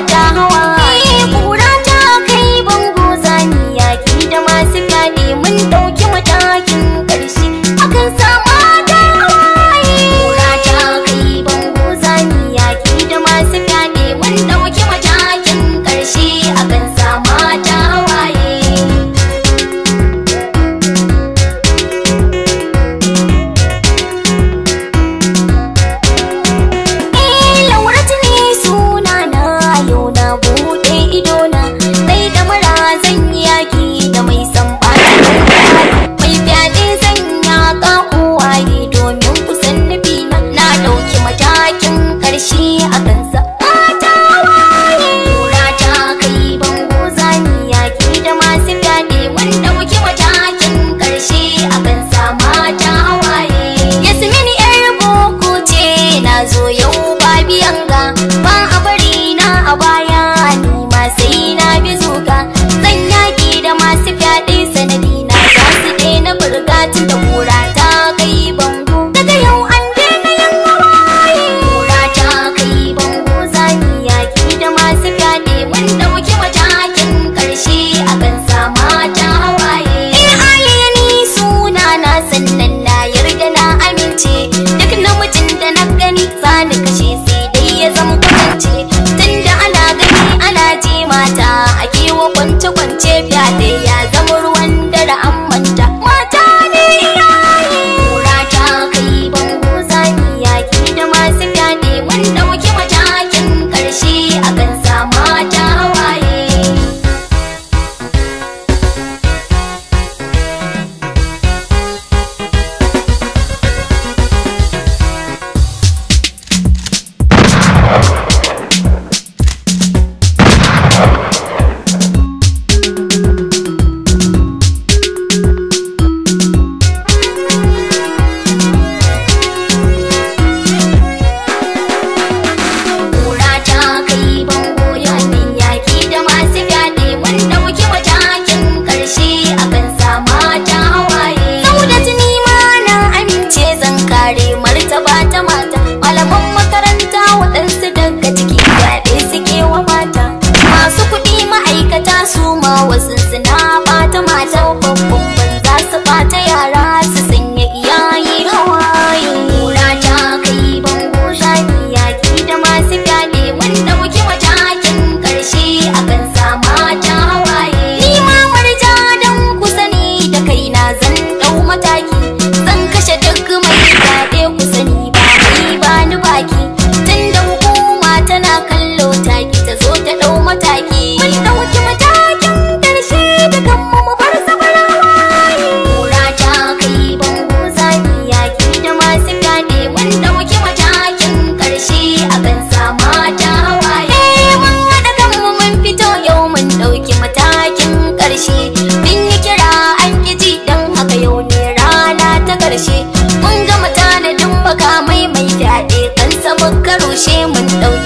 don't know. tea. mun karushe mun ɗauki